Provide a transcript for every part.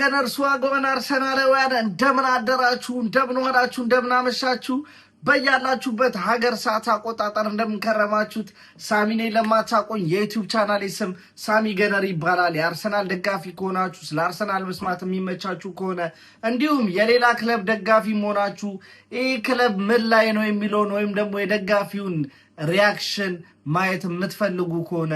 ገነርስ ዋጋውን አርሰናላውያን እንደምን አደራችሁ፣ እንደምን ሆናችሁ፣ እንደምን አመሻችሁ በያላችሁበት ሀገር ሰዓት አቆጣጠር እንደምንከረማችሁት። ሳሚኔ ለማታቆኝ የዩቲዩብ ቻናል ስም ሳሚ ገነር ይባላል። የአርሰናል ደጋፊ ከሆናችሁ ስለ አርሰናል መስማት የሚመቻችሁ ከሆነ እንዲሁም የሌላ ክለብ ደጋፊ መሆናችሁ ይህ ክለብ ምን ላይ ነው የሚለውን ወይም ደግሞ የደጋፊውን ሪያክሽን ማየት የምትፈልጉ ከሆነ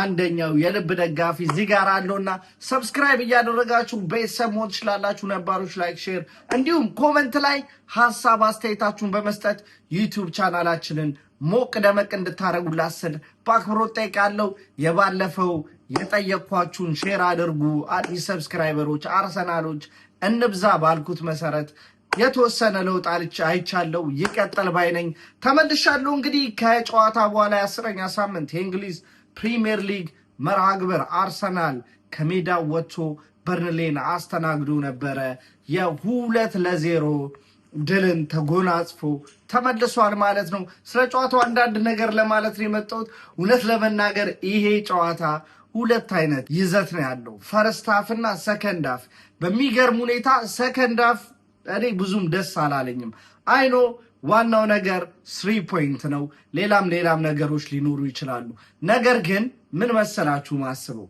አንደኛው የልብ ደጋፊ እዚህ ጋር አለውና ሰብስክራይብ እያደረጋችሁ ቤተሰብ መሆን ትችላላችሁ። ነባሮች ላይክ፣ ሼር እንዲሁም ኮመንት ላይ ሀሳብ አስተያየታችሁን በመስጠት ዩቲዩብ ቻናላችንን ሞቅ ደመቅ እንድታደረጉላት ስል በአክብሮት ጠይቃለሁ። የባለፈው የጠየኳችሁን ሼር አድርጉ። አዲስ ሰብስክራይበሮች አርሰናሎች እንብዛ ባልኩት መሰረት የተወሰነ ለውጥ አልች አይቻለው ይቀጠል ባይ ነኝ። ተመልሻለሁ። እንግዲህ ከጨዋታ በኋላ የአስረኛ ሳምንት የእንግሊዝ ፕሪሚየር ሊግ መርሃ ግብር አርሰናል ከሜዳ ወጥቶ በርንሌን አስተናግዶ ነበረ። የሁለት ለዜሮ ድልን ተጎናጽፎ ተመልሷል ማለት ነው። ስለ ጨዋታው አንዳንድ ነገር ለማለት ነው የመጣሁት። እውነት ለመናገር ይሄ ጨዋታ ሁለት አይነት ይዘት ነው ያለው፣ ፈርስት ሀፍ እና ሰከንድ ሀፍ። በሚገርም ሁኔታ ሰከንድ ሀፍ እኔ ብዙም ደስ አላለኝም። አይኖ ዋናው ነገር ስሪ ፖይንት ነው። ሌላም ሌላም ነገሮች ሊኖሩ ይችላሉ። ነገር ግን ምን መሰላችሁ ማስበው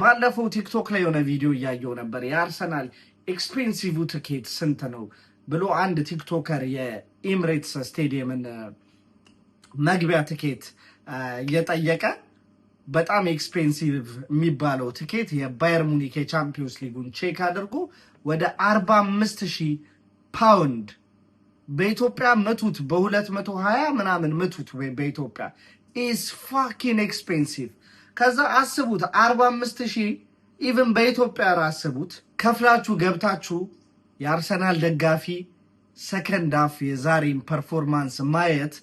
ባለፈው ቲክቶክ ላይ የሆነ ቪዲዮ እያየው ነበር። የአርሰናል ኤክስፔንሲቭ ትኬት ስንት ነው ብሎ አንድ ቲክቶከር የኢምሬትስ ስቴዲየምን መግቢያ ትኬት እየጠየቀ በጣም ኤክስፔንሲቭ የሚባለው ትኬት የባየር ሙኒክ የቻምፒዮንስ ሊጉን ቼክ አድርጎ ወደ 45000 ፓውንድ በኢትዮጵያ ምቱት፣ በ220 ምናምን ምቱት። በኢትዮጵያ ኢዝ ፋኪን ኤክስፔንሲቭ። ከዛ አስቡት 45000 ኢቭን በኢትዮጵያ አስቡት ከፍላችሁ ገብታችሁ የአርሰናል ደጋፊ ሰከንድ አፍ የዛሬን ፐርፎርማንስ ማየት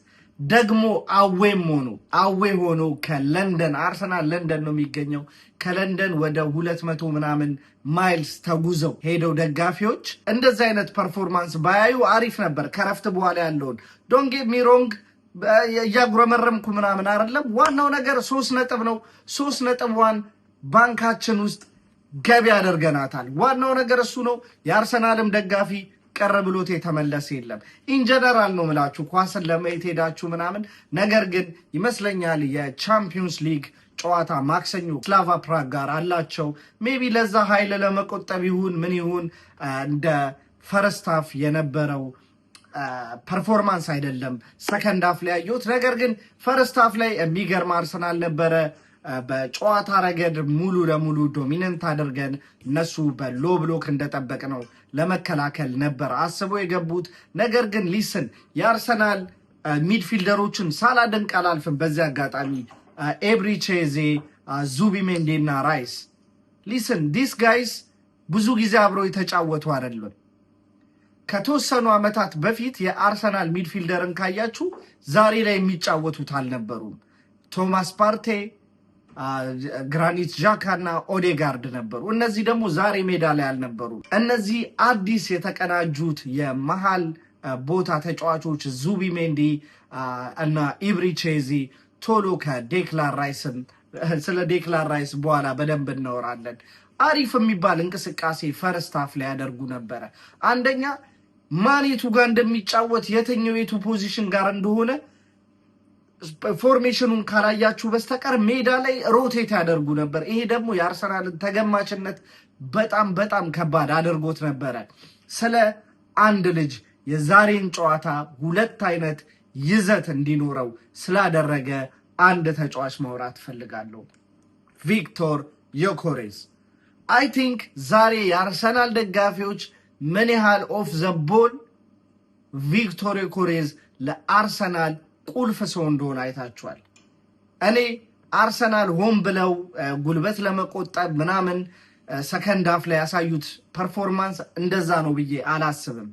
ደግሞ አዌም ሆኖ አዌ ሆኖ ከለንደን አርሰናል ለንደን ነው የሚገኘው። ከለንደን ወደ ሁለት መቶ ምናምን ማይልስ ተጉዘው ሄደው ደጋፊዎች እንደዚህ አይነት ፐርፎርማንስ ባያዩ አሪፍ ነበር። ከረፍት በኋላ ያለውን ዶንጌ ሚሮንግ እያጉረመረምኩ ምናምን አይደለም። ዋናው ነገር ሶስት ነጥብ ነው። ሶስት ነጥብዋን ባንካችን ውስጥ ገቢ ያደርገናታል። ዋናው ነገር እሱ ነው። የአርሰናልም ደጋፊ ቅር ብሎት የተመለሰ የለም። ኢንጀነራል ነው ምላችሁ ኳስን ለማየት ሄዳችሁ ምናምን። ነገር ግን ይመስለኛል የቻምፒዮንስ ሊግ ጨዋታ ማክሰኞ ስላቫ ፕራግ ጋር አላቸው። ሜቢ ለዛ ኃይል ለመቆጠብ ይሁን ምን ይሁን እንደ ፈረስታፍ የነበረው ፐርፎርማንስ አይደለም ሰከንድ ሀፍ ላይ ያየሁት። ነገር ግን ፈረስታፍ ላይ የሚገርም አርሰናል ነበረ። በጨዋታ ረገድ ሙሉ ለሙሉ ዶሚነንት አድርገን እነሱ በሎ ብሎክ እንደጠበቅ ነው ለመከላከል ነበር አስበው የገቡት። ነገር ግን ሊስን የአርሰናል ሚድፊልደሮችን ሳላደንቅ አላልፍም። በዚህ አጋጣሚ ኤብሪቼዜ፣ ሜንዴ እና ራይስ ሊስን ዲስ ጋይስ ብዙ ጊዜ አብረው የተጫወቱ አይደለም። ከተወሰኑ ዓመታት በፊት የአርሰናል ሚድፊልደርን ካያችሁ ዛሬ ላይ የሚጫወቱት አልነበሩም። ቶማስ ፓርቴ ግራኒት ዣካ እና ኦዴጋርድ ነበሩ። እነዚህ ደግሞ ዛሬ ሜዳ ላይ አልነበሩ። እነዚህ አዲስ የተቀናጁት የመሃል ቦታ ተጫዋቾች ሜንዲ እና ኢብሪቼዚ ቶሎ ከዴክላን ራይስን ስለ ዴክላን ራይስ በኋላ በደንብ እናወራለን። አሪፍ የሚባል እንቅስቃሴ ፈርስት ሀፍ ላይ ያደርጉ ነበረ። አንደኛ ማን የቱ ጋር እንደሚጫወት የትኛው የቱ ፖዚሽን ጋር እንደሆነ ፎርሜሽኑን ካላያችሁ በስተቀር ሜዳ ላይ ሮቴት ያደርጉ ነበር። ይሄ ደግሞ የአርሰናልን ተገማችነት በጣም በጣም ከባድ አድርጎት ነበረ። ስለ አንድ ልጅ የዛሬን ጨዋታ ሁለት አይነት ይዘት እንዲኖረው ስላደረገ አንድ ተጫዋች ማውራት ፈልጋለሁ። ቪክቶር ዮኮሬዝ አይ ቲንክ ዛሬ የአርሰናል ደጋፊዎች ምን ያህል ኦፍ ዘ ቦል ቪክቶር ዮኮሬዝ ለአርሰናል ቁልፍ ሰው እንደሆነ አይታችኋል። እኔ አርሰናል ሆን ብለው ጉልበት ለመቆጠብ ምናምን ሰከንድ ሀፍ ላይ ያሳዩት ፐርፎርማንስ እንደዛ ነው ብዬ አላስብም።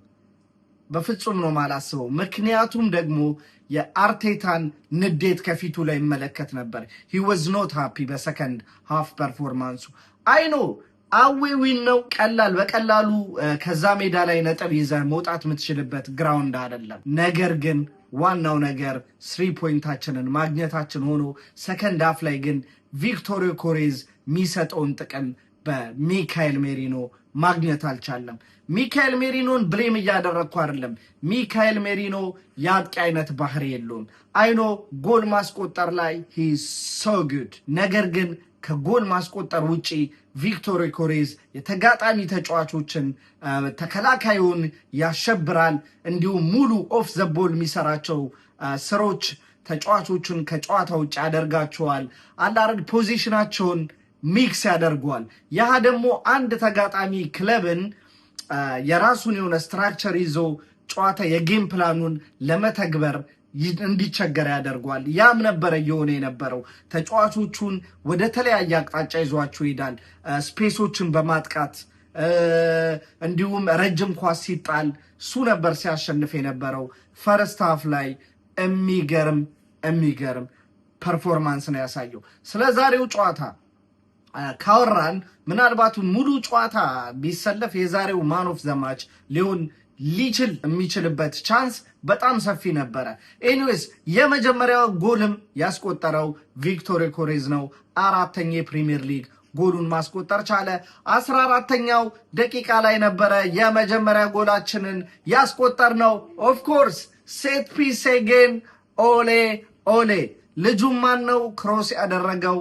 በፍጹም ነው ማላስበው። ምክንያቱም ደግሞ የአርቴታን ንዴት ከፊቱ ላይ ይመለከት ነበር። ሂ ወዝ ኖት ሃፒ በሰከንድ ሃፍ ፐርፎርማንሱ አይኖ ዊን ነው ቀላል በቀላሉ ከዛ ሜዳ ላይ ነጥብ ይዘ መውጣት የምትችልበት ግራውንድ አይደለም። ነገር ግን ዋናው ነገር ስሪ ፖይንታችንን ማግኘታችን ሆኖ ሰከንድ አፍ ላይ ግን ቪክቶሪዮ ኮሬዝ የሚሰጠውን ጥቅም በሚካኤል ሜሪኖ ማግኘት አልቻለም። ሚካኤል ሜሪኖን ብሌም እያደረግኩ አይደለም። ሚካኤል ሜሪኖ የአጥቂ አይነት ባህሪ የለውም። አይኖ ጎል ማስቆጠር ላይ ሂ ሶ ጉድ፣ ነገር ግን ከጎል ማስቆጠር ውጪ ቪክቶር ኮሬዝ የተጋጣሚ ተጫዋቾችን ተከላካዩን ያሸብራል። እንዲሁም ሙሉ ኦፍ ዘቦል የሚሰራቸው ስሮች ተጫዋቾቹን ከጨዋታ ውጭ ያደርጋቸዋል። አንዳንድ ፖዚሽናቸውን ሚክስ ያደርጓል። ያህ ደግሞ አንድ ተጋጣሚ ክለብን የራሱን የሆነ ስትራክቸር ይዞ ጨዋታ የጌም ፕላኑን ለመተግበር እንዲቸገር ያደርገዋል። ያም ነበረ እየሆነ የነበረው። ተጫዋቾቹን ወደ ተለያየ አቅጣጫ ይዟቸው ይሄዳል። ስፔሶችን በማጥቃት እንዲሁም ረጅም ኳስ ሲጣል እሱ ነበር ሲያሸንፍ የነበረው። ፈርስት ሀፍ ላይ የሚገርም የሚገርም ፐርፎርማንስ ነው ያሳየው። ስለ ዛሬው ጨዋታ ካወራን ምናልባት ሙሉ ጨዋታ ቢሰለፍ የዛሬው ማን ኦፍ ሊሆን ሊችል የሚችልበት ቻንስ በጣም ሰፊ ነበረ። ኤኒዌይስ የመጀመሪያው ጎልም ያስቆጠረው ቪክቶሪ ኮሬዝ ነው። አራተኛ የፕሪሚየር ሊግ ጎሉን ማስቆጠር ቻለ። አስራ አራተኛው ደቂቃ ላይ ነበረ የመጀመሪያ ጎላችንን ያስቆጠር ነው። ኦፍኮርስ ሴት ፒስ ጌን ኦሌ ኦሌ። ልጁም ማን ነው ክሮስ ያደረገው?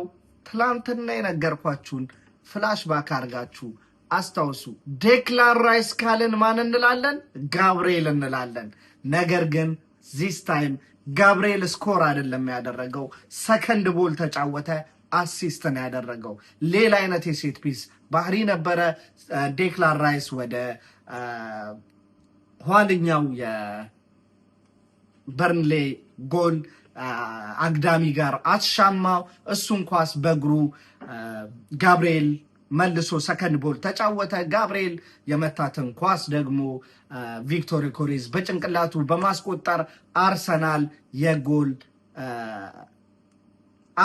ትላንትና የነገርኳችሁን ፍላሽ ባክ አድርጋችሁ አስታውሱ ዴክላን ራይስ ካልን ማን እንላለን? ጋብርኤል እንላለን። ነገር ግን ዚስ ታይም ጋብርኤል ስኮር አይደለም ያደረገው፣ ሰከንድ ቦል ተጫወተ፣ አሲስት ነው ያደረገው። ሌላ አይነት የሴት ፒስ ባህሪ ነበረ። ዴክላን ራይስ ወደ ኋልኛው የበርንሌ ጎል አግዳሚ ጋር አትሻማው። እሱን ኳስ በእግሩ ጋብርኤል መልሶ ሰከንድ ቦል ተጫወተ። ጋብርኤል የመታትን ኳስ ደግሞ ቪክቶሪ ኮሬዝ በጭንቅላቱ በማስቆጠር አርሰናል የጎል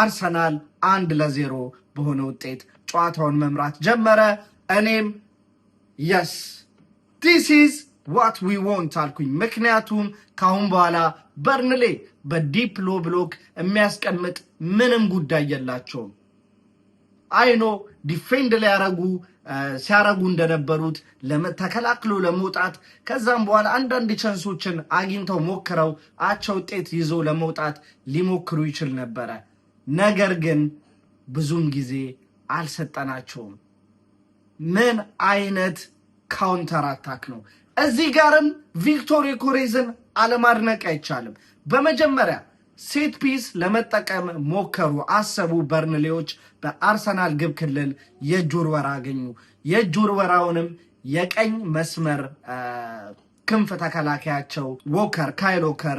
አርሰናል አንድ ለዜሮ በሆነ ውጤት ጨዋታውን መምራት ጀመረ። እኔም የስ ዲስ ኢዝ ዋት ዊ አልኩኝ። ምክንያቱም ከአሁን በኋላ በርንሌ በዲፕ ሎ ብሎክ የሚያስቀምጥ ምንም ጉዳይ የላቸውም። አይኖ ዲፌንድ ሊያረጉ ሲያረጉ እንደነበሩት ተከላክሎ ለመውጣት ከዛም በኋላ አንዳንድ ቻንሶችን አግኝተው ሞክረው አቻ ውጤት ይዞ ለመውጣት ሊሞክሩ ይችል ነበረ። ነገር ግን ብዙም ጊዜ አልሰጠናቸውም። ምን አይነት ካውንተር አታክ ነው! እዚህ ጋርም ቪክቶር ኮሬዝን አለማድነቅ አይቻልም። በመጀመሪያ ሴት ፒስ ለመጠቀም ሞከሩ፣ አሰቡ። በርንሌዎች በአርሰናል ግብ ክልል የእጅ ውርወራ አገኙ። የእጅ ውርወራውንም የቀኝ መስመር ክንፍ ተከላካያቸው ዎከር ካይል ዎከር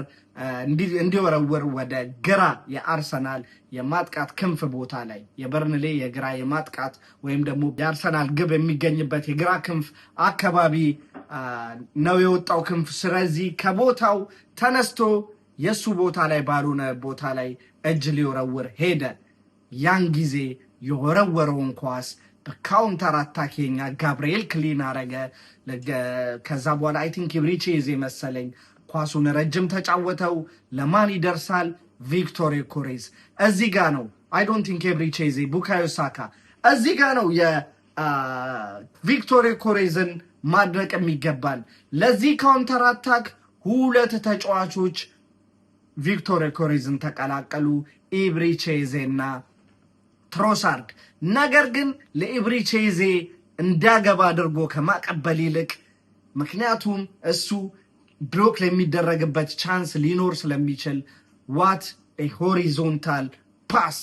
እንዲወረውር ወደ ግራ የአርሰናል የማጥቃት ክንፍ ቦታ ላይ የበርንሌ የግራ የማጥቃት ወይም ደግሞ የአርሰናል ግብ የሚገኝበት የግራ ክንፍ አካባቢ ነው የወጣው ክንፍ። ስለዚህ ከቦታው ተነስቶ የእሱ ቦታ ላይ ባልሆነ ቦታ ላይ እጅ ሊወረውር ሄደ። ያን ጊዜ የወረወረውን ኳስ በካውንተር አታኬኛ ጋብርኤል ክሊን አረገ። ከዛ በኋላ አይ ቲንክ ኢብሪቼዜ መሰለኝ ኳሱን ረጅም ተጫወተው። ለማን ይደርሳል? ቪክቶር ኮሬዝ። እዚህ ጋ ነው። አይ ዶንት ቲንክ ኢብሪቼዜ፣ ቡካዮ ሳካ እዚህ ጋ ነው የቪክቶር ኮሬዝን ማድረቅ የሚገባል። ለዚህ ካውንተር አታክ ሁለት ተጫዋቾች ቪክቶር ኮሪዝን ተቀላቀሉ። ኢብሪ ኢብሪቼዜና ትሮሳርድ ነገር ግን ለኢብሪ ቼዜ እንዳገባ አድርጎ ከማቀበል ይልቅ ምክንያቱም እሱ ብሎክ ለሚደረግበት ቻንስ ሊኖር ስለሚችል ዋት ሆሪዞንታል ፓስ!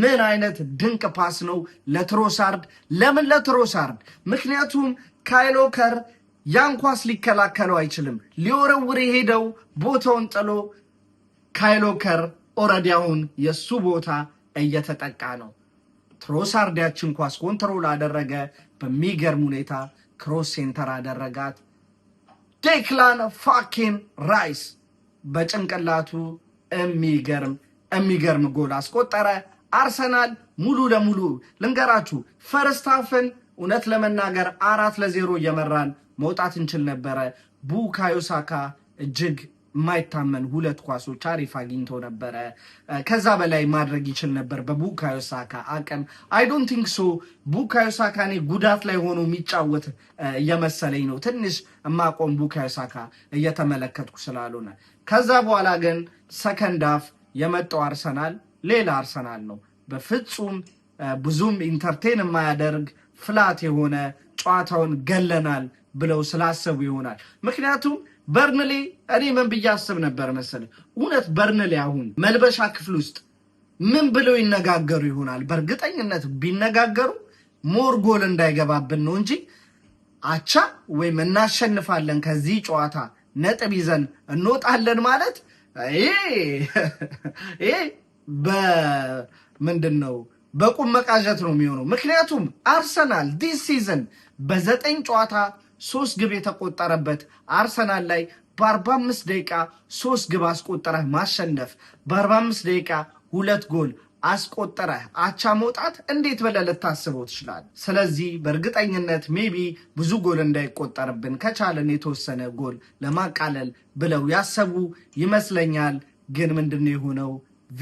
ምን አይነት ድንቅ ፓስ ነው ለትሮሳርድ! ለምን ለትሮሳርድ? ምክንያቱም ካይሎከር ያንኳስ ኳስ ሊከላከለው አይችልም። ሊወረውር የሄደው ቦታውን ጥሎ ካይሎከር ኦልሬዲ አሁን የእሱ ቦታ እየተጠቃ ነው። ትሮሳርድ ያችን ኳስ ኮንትሮል አደረገ። በሚገርም ሁኔታ ክሮስ ሴንተር አደረጋት። ዴክላን ፋኪን ራይስ በጭንቅላቱ የሚገርም የሚገርም ጎል አስቆጠረ። አርሰናል ሙሉ ለሙሉ ልንገራችሁ፣ ፈርስታፍን እውነት ለመናገር አራት ለዜሮ እየመራን መውጣት እንችል ነበረ። ቡካዮ ሳካ እጅግ የማይታመን ሁለት ኳሶች አሪፍ አግኝቶ ነበረ። ከዛ በላይ ማድረግ ይችል ነበር በቡካዮ ሳካ አቅም። አይ ዶንት ቲንክ ሶ ቡካዮ ሳካ እኔ ጉዳት ላይ ሆኖ የሚጫወት እየመሰለኝ ነው ትንሽ እማቆም ቡካዮ ሳካ እየተመለከትኩ ስላልሆነ። ከዛ በኋላ ግን ሰከንድ አፍ የመጣው አርሰናል ሌላ አርሰናል ነው። በፍጹም ብዙም ኢንተርቴን የማያደርግ ፍላት የሆነ ጨዋታውን ገለናል ብለው ስላሰቡ ይሆናል ምክንያቱም በርንሌ እኔ ምን ብዬ አስብ ነበር መሰለህ፣ እውነት በርንሌ አሁን መልበሻ ክፍል ውስጥ ምን ብለው ይነጋገሩ ይሆናል? በእርግጠኝነት ቢነጋገሩ ሞር ጎል እንዳይገባብን ነው እንጂ አቻ ወይም እናሸንፋለን፣ ከዚህ ጨዋታ ነጥብ ይዘን እንወጣለን ማለት ይሄ በምንድን ነው በቁም መቃዠት ነው የሚሆነው። ምክንያቱም አርሰናል ዲስ ሲዝን በዘጠኝ ጨዋታ ሶስት ግብ የተቆጠረበት አርሰናል ላይ በ45 ደቂቃ ሶስት ግብ አስቆጠረ ማሸነፍ፣ በ45 ደቂቃ ሁለት ጎል አስቆጠረ አቻ መውጣት እንዴት ብለህ ልታስበው ትችላለህ? ስለዚህ በእርግጠኝነት ሜቢ ብዙ ጎል እንዳይቆጠርብን ከቻለን የተወሰነ ጎል ለማቃለል ብለው ያሰቡ ይመስለኛል። ግን ምንድነው የሆነው?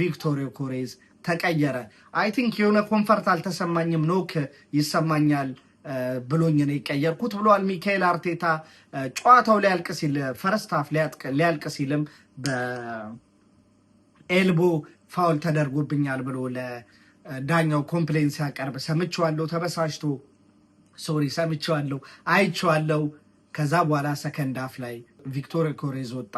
ቪክቶር ዮኬሬዝ ተቀየረ። አይ ቲንክ የሆነ ኮንፈርት አልተሰማኝም ኖክ ይሰማኛል ብሎኝ ነው የቀየርኩት ብለዋል ሚካኤል አርቴታ። ጨዋታው ሊያልቅ ሲል ፈረስታፍ ሊያልቅ ሲልም በኤልቦ ፋውል ተደርጎብኛል ብሎ ለዳኛው ኮምፕሌን ሲያቀርብ ሰምቼዋለሁ። ተበሳጭቶ ሶሪ ሰምቼዋለሁ፣ አይቼዋለሁ። ከዛ በኋላ ሰከንድ አፍ ላይ ቪክቶር ኮሬዝ ወጣ።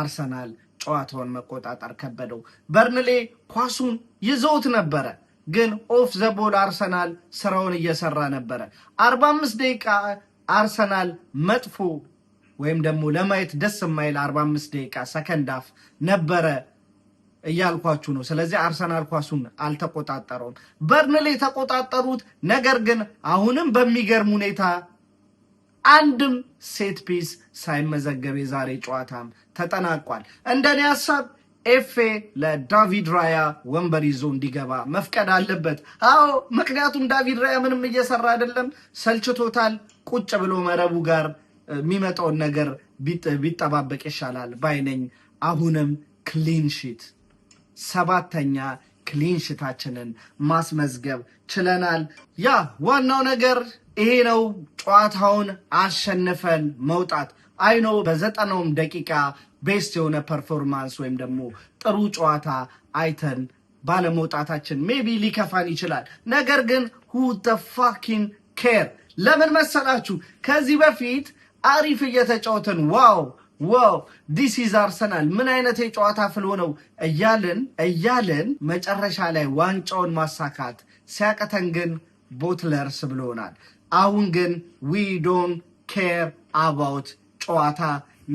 አርሰናል ጨዋታውን መቆጣጠር ከበደው። በርንሌ ኳሱን ይዘውት ነበረ ግን ኦፍ ዘቦል አርሰናል ስራውን እየሰራ ነበረ። 45 ደቂቃ አርሰናል መጥፎ ወይም ደግሞ ለማየት ደስ የማይል 45 ደቂቃ ሰከንድ አፍ ነበረ እያልኳችሁ ነው። ስለዚህ አርሰናል ኳሱን አልተቆጣጠረውም። በርንሌ የተቆጣጠሩት፣ ነገር ግን አሁንም በሚገርም ሁኔታ አንድም ሴት ፒስ ሳይመዘገብ የዛሬ ጨዋታም ተጠናቋል። እንደኔ ሀሳብ ኤፌ ለዳቪድ ራያ ወንበር ይዞ እንዲገባ መፍቀድ አለበት። አዎ ምክንያቱም ዳቪድ ራያ ምንም እየሰራ አይደለም፣ ሰልችቶታል። ቁጭ ብሎ መረቡ ጋር የሚመጣውን ነገር ቢጠባበቅ ይሻላል ባይነኝ። አሁንም ክሊንሺት ሰባተኛ ክሊንሽታችንን ማስመዝገብ ችለናል። ያ ዋናው ነገር ይሄ ነው። ጨዋታውን አሸንፈን መውጣት አይኖ በዘጠናውም ደቂቃ ቤስት የሆነ ፐርፎርማንስ ወይም ደግሞ ጥሩ ጨዋታ አይተን ባለመውጣታችን ሜቢ ሊከፋን ይችላል። ነገር ግን ሁ ፋኪን ኬር ለምን መሰላችሁ? ከዚህ በፊት አሪፍ እየተጫወትን ዋው ዋው ዲስ ኢዝ አርሰናል ምን አይነት የጨዋታ ፍል ሆነው እያልን እያልን መጨረሻ ላይ ዋንጫውን ማሳካት ሲያቀተን ግን ቦትለርስ ብሎናል። አሁን ግን ዊ ዶን ኬር አባውት ጨዋታ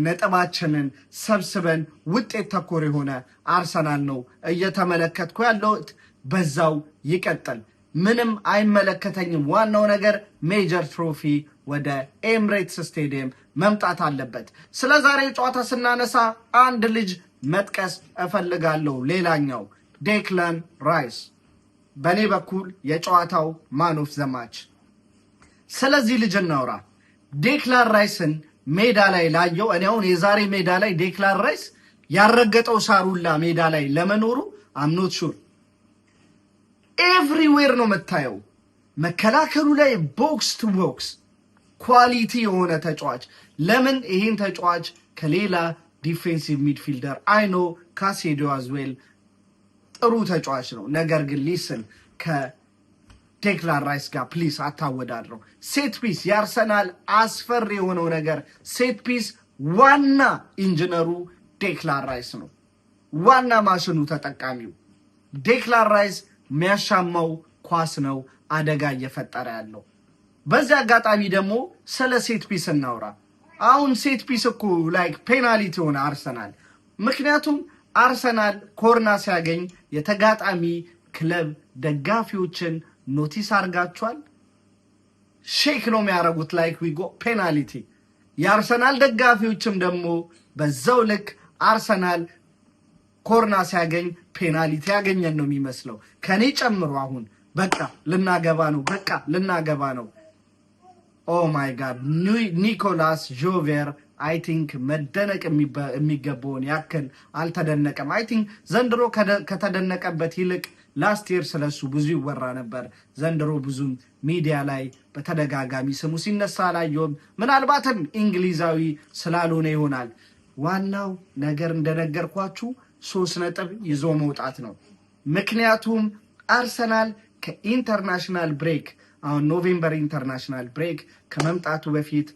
ነጥባችንን ሰብስበን ውጤት ተኮር የሆነ አርሰናል ነው እየተመለከትኩ ያለሁት። በዛው ይቀጥል። ምንም አይመለከተኝም። ዋናው ነገር ሜጀር ትሮፊ ወደ ኤምሬትስ ስቴዲየም መምጣት አለበት። ስለ ዛሬ ጨዋታ ስናነሳ አንድ ልጅ መጥቀስ እፈልጋለሁ። ሌላኛው ዴክለን ራይስ በእኔ በኩል የጨዋታው ማን ኦፍ ዘ ማች። ስለዚህ ልጅ እናውራ። ዴክላን ራይስን ሜዳ ላይ ላየው እኔ አሁን የዛሬ ሜዳ ላይ ዴክላን ራይስ ያረገጠው ሳሩላ ሜዳ ላይ ለመኖሩ አምኖት ሹር ኤቭሪዌር ነው የምታየው። መከላከሉ ላይ ቦክስ ቱ ቦክስ ኳሊቲ የሆነ ተጫዋች። ለምን ይህን ተጫዋች ከሌላ ዲፌንሲቭ ሚድፊልደር አይኖ ካሴዶ አዝዌል ጥሩ ተጫዋች ነው፣ ነገር ግን ሊስን ዴክላን ራይስ ጋር ፕሊስ አታወዳድረው። ሴት ፒስ የአርሰናል አስፈሪ የሆነው ነገር ሴት ፒስ ዋና ኢንጂነሩ ዴክላን ራይስ ነው። ዋና ማሽኑ ተጠቃሚው ዴክላን ራይስ የሚያሻማው ኳስ ነው አደጋ እየፈጠረ ያለው። በዚህ አጋጣሚ ደግሞ ስለ ሴት ፒስ እናውራ። አሁን ሴት ፒስ እኮ ላይክ ፔናሊቲ የሆነ አርሰናል፣ ምክንያቱም አርሰናል ኮርና ሲያገኝ የተጋጣሚ ክለብ ደጋፊዎችን ኖቲስ አርጋችኋል? ሼክ ነው የሚያደርጉት። ላይክ ዊጎ ፔናልቲ። የአርሰናል ደጋፊዎችም ደግሞ በዛው ልክ አርሰናል ኮርና ሲያገኝ ፔናሊቲ ያገኘን ነው የሚመስለው፣ ከኔ ጨምሮ። አሁን በቃ ልናገባ ነው፣ በቃ ልናገባ ነው። ኦ ማይ ጋድ ኒኮላስ ጆቬር አይ ቲንክ መደነቅ የሚገባውን ያክል አልተደነቀም። አይ ቲንክ ዘንድሮ ከተደነቀበት ይልቅ ላስት የር ስለሱ ብዙ ይወራ ነበር። ዘንድሮ ብዙም ሚዲያ ላይ በተደጋጋሚ ስሙ ሲነሳ አላየውም። ምናልባትም እንግሊዛዊ ስላልሆነ ይሆናል። ዋናው ነገር እንደነገርኳችሁ ሶስት ነጥብ ይዞ መውጣት ነው። ምክንያቱም አርሰናል ከኢንተርናሽናል ብሬክ አሁን ኖቬምበር ኢንተርናሽናል ብሬክ ከመምጣቱ በፊት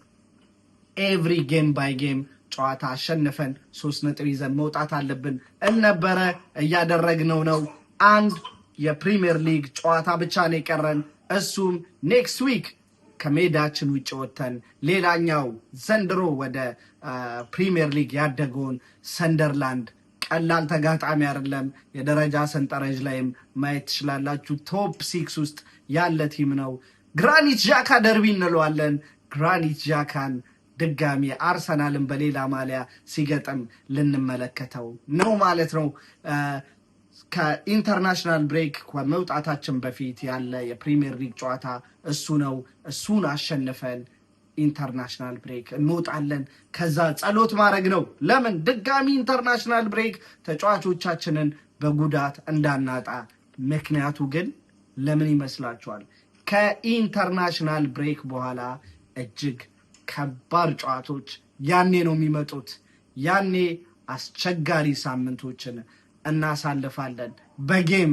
ኤቭሪ ጌም ባይ ጌም ጨዋታ አሸንፈን ሶስት ነጥብ ይዘን መውጣት አለብን። እነበረ እያደረግነው ነው አንድ የፕሪምየር ሊግ ጨዋታ ብቻ ነው የቀረን። እሱም ኔክስት ዊክ ከሜዳችን ውጭ ወጥተን ሌላኛው ዘንድሮ ወደ ፕሪምየር ሊግ ያደገውን ሰንደርላንድ ቀላል ተጋጣሚ አይደለም። የደረጃ ሰንጠረዥ ላይም ማየት ትችላላችሁ። ቶፕ ሲክስ ውስጥ ያለ ቲም ነው። ግራኒት ዣካ ደርቢ እንለዋለን። ግራኒት ዣካን ድጋሚ አርሰናልን በሌላ ማሊያ ሲገጥም ልንመለከተው ነው ማለት ነው። ከኢንተርናሽናል ብሬክ ከመውጣታችን በፊት ያለ የፕሪሚየር ሊግ ጨዋታ እሱ ነው። እሱን አሸንፈን ኢንተርናሽናል ብሬክ እንወጣለን። ከዛ ጸሎት ማድረግ ነው። ለምን ድጋሚ ኢንተርናሽናል ብሬክ ተጫዋቾቻችንን በጉዳት እንዳናጣ። ምክንያቱ ግን ለምን ይመስላችኋል? ከኢንተርናሽናል ብሬክ በኋላ እጅግ ከባድ ጨዋቶች ያኔ ነው የሚመጡት። ያኔ አስቸጋሪ ሳምንቶችን እናሳልፋለን። በጌም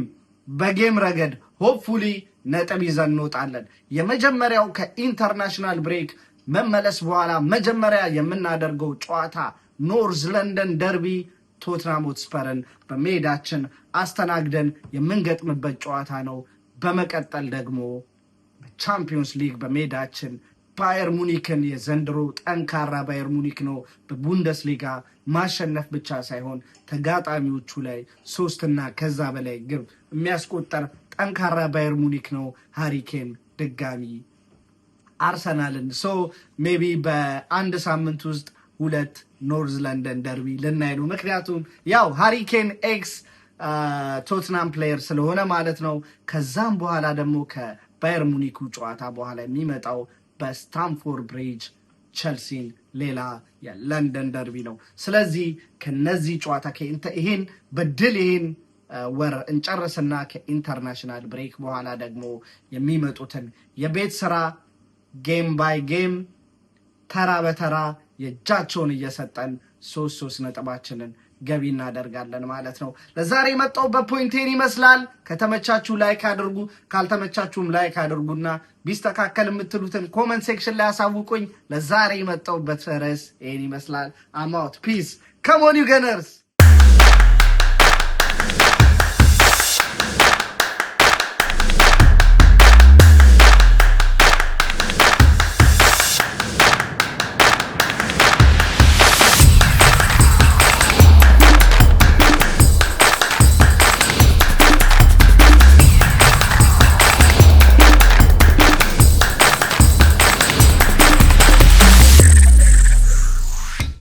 በጌም ረገድ ሆፕፉሊ ነጥብ ይዘን እንወጣለን። የመጀመሪያው ከኢንተርናሽናል ብሬክ መመለስ በኋላ መጀመሪያ የምናደርገው ጨዋታ ኖርዝ ለንደን ደርቢ ቶትናም ሆትስፐርን በሜዳችን አስተናግደን የምንገጥምበት ጨዋታ ነው። በመቀጠል ደግሞ ቻምፒዮንስ ሊግ በሜዳችን ባየር ሙኒክን የዘንድሮ ጠንካራ ባየር ሙኒክ ነው በቡንደስሊጋ ማሸነፍ ብቻ ሳይሆን ተጋጣሚዎቹ ላይ ሶስትና ከዛ በላይ ግብ የሚያስቆጠር ጠንካራ ባየር ሙኒክ ነው። ሃሪኬን ድጋሚ አርሰናልን ሶ ሜቢ በአንድ ሳምንት ውስጥ ሁለት ኖርዝ ለንደን ደርቢ ልናይ ነው። ምክንያቱም ያው ሃሪኬን ኤክስ ቶትናም ፕሌየር ስለሆነ ማለት ነው። ከዛም በኋላ ደግሞ ከባየር ሙኒኩ ጨዋታ በኋላ የሚመጣው በስታምፎርድ ብሪጅ ቸልሲን ሌላ የለንደን ደርቢ ነው። ስለዚህ ከነዚህ ጨዋታ ይሄን በድል ይሄን ወር እንጨርስና ከኢንተርናሽናል ብሬክ በኋላ ደግሞ የሚመጡትን የቤት ስራ ጌም ባይ ጌም ተራ በተራ የእጃቸውን እየሰጠን ሶስት ሶስት ነጥባችንን ገቢ እናደርጋለን ማለት ነው። ለዛሬ የመጣው በፖይንቴን ይመስላል። ከተመቻችሁ ላይክ አድርጉ፣ ካልተመቻችሁም ላይክ አድርጉና ቢስተካከል የምትሉትን ኮመንት ሴክሽን ላይ አሳውቁኝ። ለዛሬ የመጣውበት ርዕስ ይህን ይመስላል። አማውት ፒስ ከሞኒ ገነርስ